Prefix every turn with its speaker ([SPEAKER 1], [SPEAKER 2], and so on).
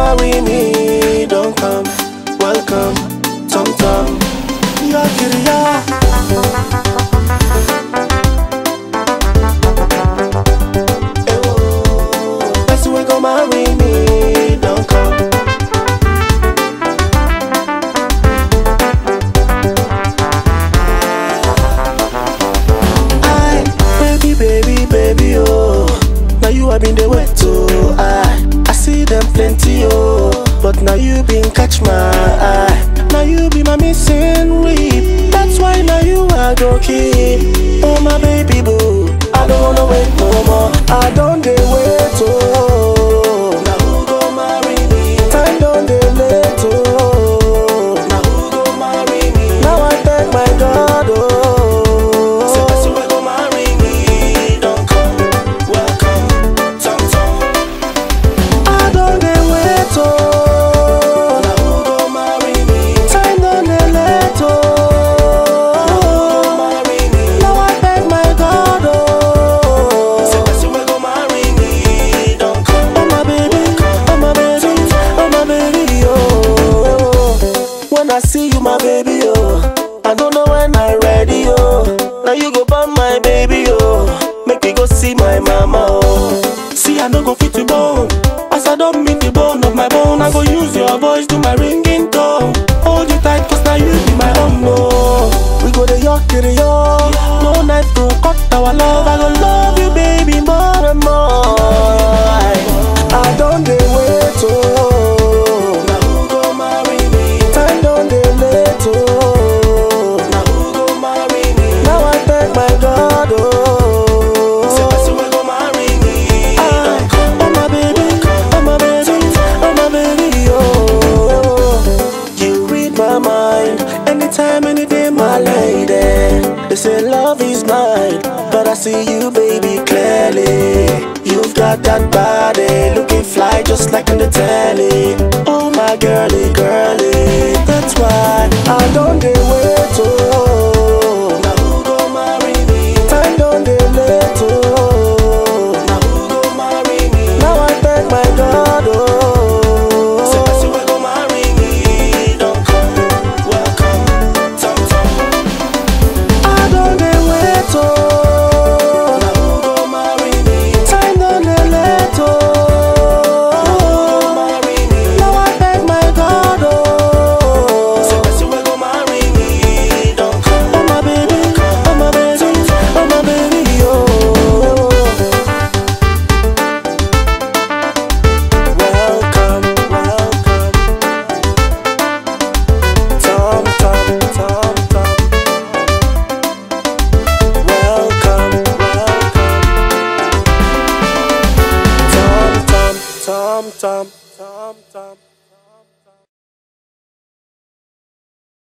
[SPEAKER 1] all Don't come, welcome, Tom Tom. Ya kiriya. Baby, baby, oh, now you have been the wet to I plenty, oh. But now you been catch my eye. Now you be my missing weep. That's why now you are okay. Oh, my baby boo. I don't wanna wait no more. I don't dare. I see you, my baby, oh. I don't know when I'm ready, oh. Now you go burn my baby, oh. Make me go see my mama, oh. See, I no go fit to bone. As I don't meet the bone of my bone, I go use your voice to my ringing tone. Hold you tight, cause now you be my own, no. We go to your, to your. No knife to cut our love, I go love you. I see you, baby, clearly You've got that body, looking fly just like on the telly tom tom tom tom